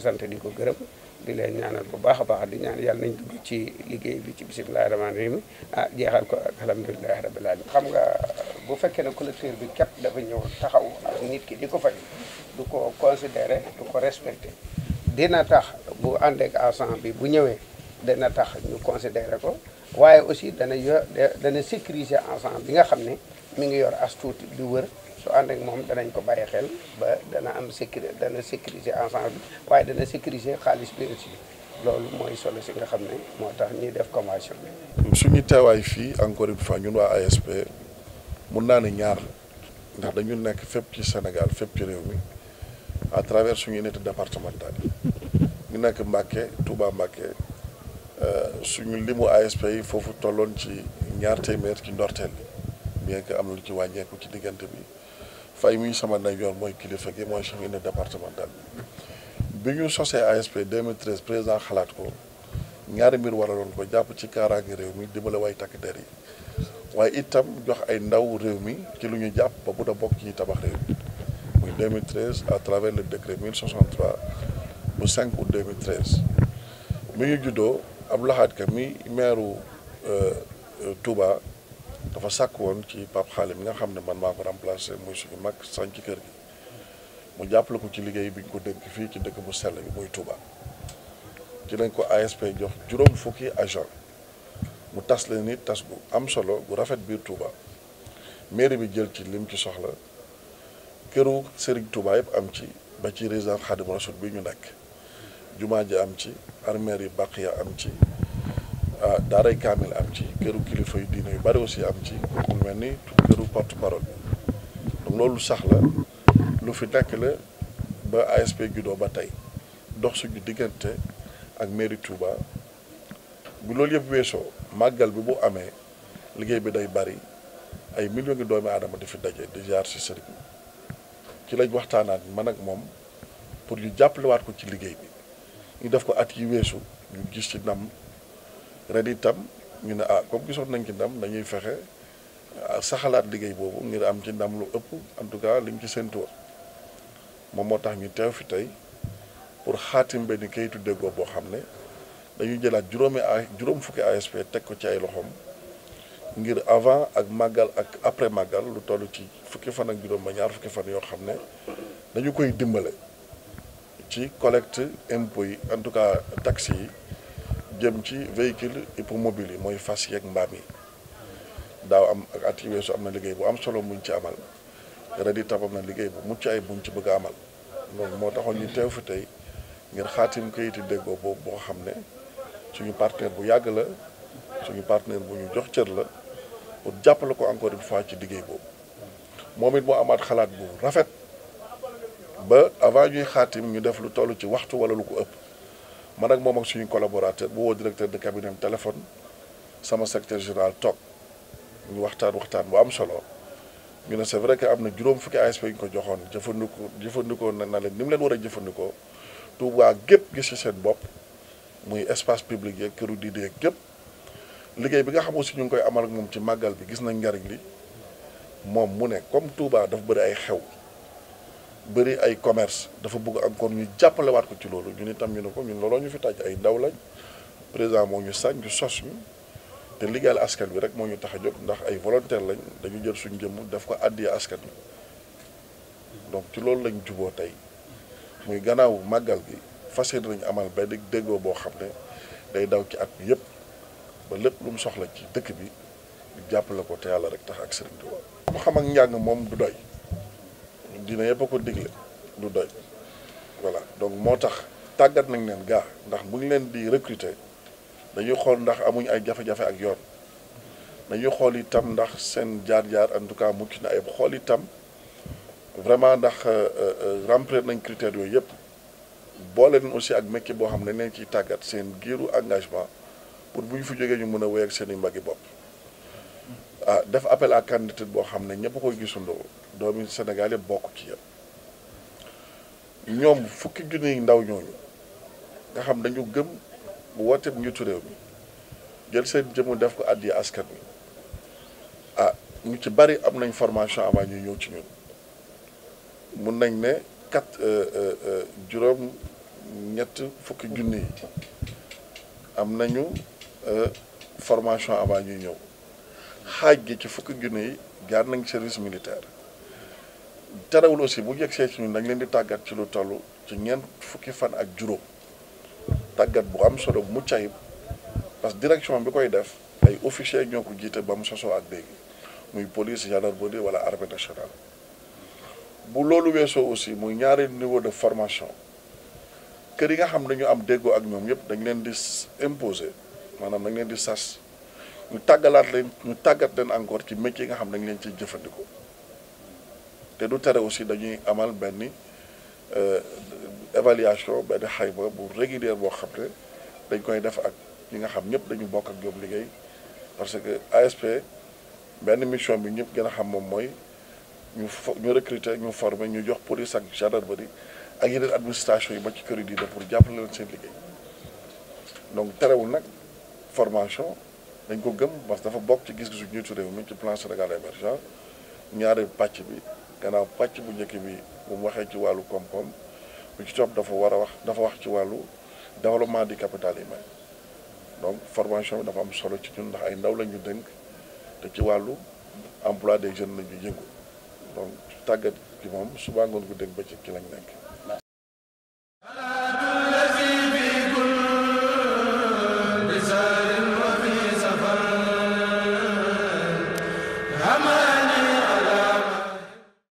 ci sant di ko gërëm di leen ñaanal bu baax a baax di ñaan yàlla nañ dugg ci liggéey bi ci bisimilah rahmaani rahim ah jeexal ko ak alhamdulilah rabbil alamin xam nga bu fekkee ne collecteur bi ket dafa ñëw taxaw ak nit ki di ko fay du ko considéré du ko respecté dina tax bu ànd ak agent bi bu ñëwee dana tax ñu considéré ko waaye aussi dana yor dana sécuriser agent bi nga xam ne mi ngi yor as tuuti di wër. su ànd moom danañ ko bàyyi xel ba dana am sécuri dana sécuriser ensemble bi waaye dana sécuriser xaalis bi loolu mooy solo si nga xam ne moo tax ñuy def convention bi. suñu teewaay fii encore une fois ñun waa ASP mun naa ne ñaar ndax dañu nekk fépp ci Sénégal fépp ci réew mi à travers suñu unité départementale ñu nekk Mbacké Touba Mbacké euh, suñu limu ASP yi foofu tolloon ci ñaar téeméer ci ndorteel bi bien que am na ci wàññeeku ci diggante bi. fay mi sama yoon mooy kilifa gi mooy chef unité départemental bi ñu sosee ASP 2013 président xalaat ko ñaari mbir waraloon ko jàpp ci kaaraange réew mi dimbale way takk der yi waaye itam jox ay ndaw réew mi ci lu ñu jàpp ba bu da bokk ci tabax réew mi muy 2013 à travers le décret 1063 bu 5 août 2013 mi ngi juddoo Abdou Lahad Ka mi maire euh, Touba dafa sàkk woon ci Pape Xaalim mi nga xam ne man maa ko remplacé muy suñu mag sañ ci kër gi mu jàppale ko ci liggéey bi ñu ko dënk fii ci dëkk bu sell bi muy Touba ci lañ ko ASP jox juróom fukki agent mu tas leen ni tas bu am solo bu rafet biir Touba maire bi jël ci lim ci soxla këru Serigne Touba yëpp am ci ba ci résidence Xaadim Rasul bi ñu nekk jumaa ji am ci armeer yi Baqiya am ci ah daaray kaamil am ci këru kilifa yu diine yu bari aussi am ci lu mel ni këru porte parole donc loolu sax la lu fi nekk la ba ASP juddoo ba tey dox suñu diggante ak mairie Touba bu loolu yëpp weesoo màggal bi bu amee liggéey bi day bari ay millions ngi doomi aadama di fi daje di jaar si sëriñ ci lañ waxtaanaat man ak moom pour ñu jàppalewaat ko ci liggéey bi ñu def ko at yi weesu ñu gis ci ndam. ren itam ñu ne ah comme gisoon nañ ci ndam dañuy fexe ah, saxalaat liggéey boobu ngir am ci ndam lu ëpp en tout cas liñ ci séntu moom moo tax ñu teew fi tey pour xaatim benn kayitu déggoo boo xam ne dañuy jëlaat juróomi ay juróom fukki teg ko ci ay loxoom ngir avant ak màggal ak après màggal lu toll ci fukki fan ak juróom ba ñaar fukki fan yoo xam ne dañu koy dimbale ci collecte impôt yi en tout cas taxes yi jëm ci véhicule hippomobile yi mooy fas yeeg mbaam yi daaw am ak at yi am na liggéey bu am solo muñ ci amal ren itam am na liggéey bu mucc ay buñ ci bëgg a amal loolu moo taxoon ñu teew fi tey ngir xaatim kayiti déggoo boobu boo xam ne suñu partenaire bu yàgg la suñu partenaire bu ñu jox cër la pour jàppale ko encore une fois ci liggéey boobu moom it moo amaat xalaat bu rafet ba avant ñuy xaatim ñu def lu toll ci waxtu wala lu ko ëpp man ak moom ak suñu collaborateur bu woo directeur de cabinet téléphone sama secteur général toog ñu waxtaan waxtaan bu am solo ñu ne c'est vrai que am na juróom fukki ASP yu ñu ko joxoon jëfandikoo jëfandikoo na na leen ni mu leen war a jëfandikoo Touba gépp gis ci seen bopp muy espace public yeeg këru yeeg gépp liggéey bi nga xam aussi ñu ngi koy amal ak moom ci màggal bi gis na njariñ li moom mu ne comme tuubaa dafa bëri ay xew bëri ay commerce dafa bëgg encore ñu jàppalewaat ko ci loolu ñun itam ñu ne ko ñun looloo ñu fi tàj ay ndaw lañ président moo ñu sañ ñu sos ñu te liggéeyal askan bi rek moo ñu tax a jóg ndax ay volontaire lañ dañu jël suñu jëmm daf ko àddiyee askan bi donc ci loolu lañ juboo tey muy gannaaw màggal gi fas yéene nañu amal benn déggoo boo xam ne day daw ci at bi yëpp ba lépp lu mu soxla ci dëkk bi ñu jàppale ko te yàlla rek tax ak sëriñ Tuubaa xam-xam ak njàng moom du doy diine yëpp ko digle du doy voilà donc moo tax tàggat nañ leen gaa ndax bu ñu leen di recruter dañuy xool ndax amuñ ay jafe-jafe ak yoon dañuy xool itam ndax seen jaar-jaar en tout cas mucc na ay xool itam vraiment ndax euh, euh, remplir nañ critères yooyu yëpp booleen aussi ak métier boo xam ne dañ leen ciy tàggat seen giiru engagement pour bu ñu fi jógee ñu mun a wéy ak seen i mbaggi bopp. ah def appel à candidature boo xam ne ñëpp koy gisandoo doomi Sénégal yëpp bokk ci yëpp ñoom fukki junniy ndaw ñooñu nga xam dañu gëm wooteeb njiitu réew mi jël seet jëmu def ko àddi askan wi ah ñu ci bari am nañ formation avant ñu ñëw ci ñun mun nañ ne quatre euh, euh, euh, juróom ñett fukki am nañu formation avant ñuy ñëw xaaj gi ci fukk junne yi jaar nañ service militaire terewul aussi bu yegsee ci ñun dañ leen di tàggat ci lu toll ci ñeent fukki fan ak juróom tàggat bu am solo bu mu cay parce que direction bi koy def ay officiers ñoo ko jiite ba mu sosoo ak léegi muy police gendarmerie wala armée nationale bu loolu weesoo aussi muy ñaari niveau de formation kër yi nga xam dañu am déggoo ak ñoom yëpp dañ leen di imposer maanaam dañ leen di sas. ñu tàggalaat leen ñu tàggat leen encore ci métier yi nga xam ne dañ leen ciy jëfandikoo te du tere aussi dañuy amal benn euh, évaluation benn xayma bu régulière boo xam ne dañ koy def ak ñi nga xam ñëpp dañu bokk ak ñoom liggéey parce que ASP benn mission bi ñëpp gën a xam moom mooy ñu fo ñu recruter ñu former ñu jox police ak gendarmerie ak yeneen administration yi ba ci kër yi di pour jàppale leen seen liggéey donc terewul nag formation. dañ ko gëm parce que dafa bokk ci gis-gisu njiitu mu mi ci plan Sénégal émergent ñaari pàcc bi gannaaw pàcc bu njëkk bi bu mu waxee ci wàllu koom-koom bu ci topp dafa war a wax dafa wax ci wàllu développement du capital humain donc formation bi dafa am solo ci ñun ndax ay ndaw la ñu dënk te ci wàllu emploi des jeunes la ñu yëngu donc tàggat gi moom suba ngoon bu dégg ba ci ki lañ nekk.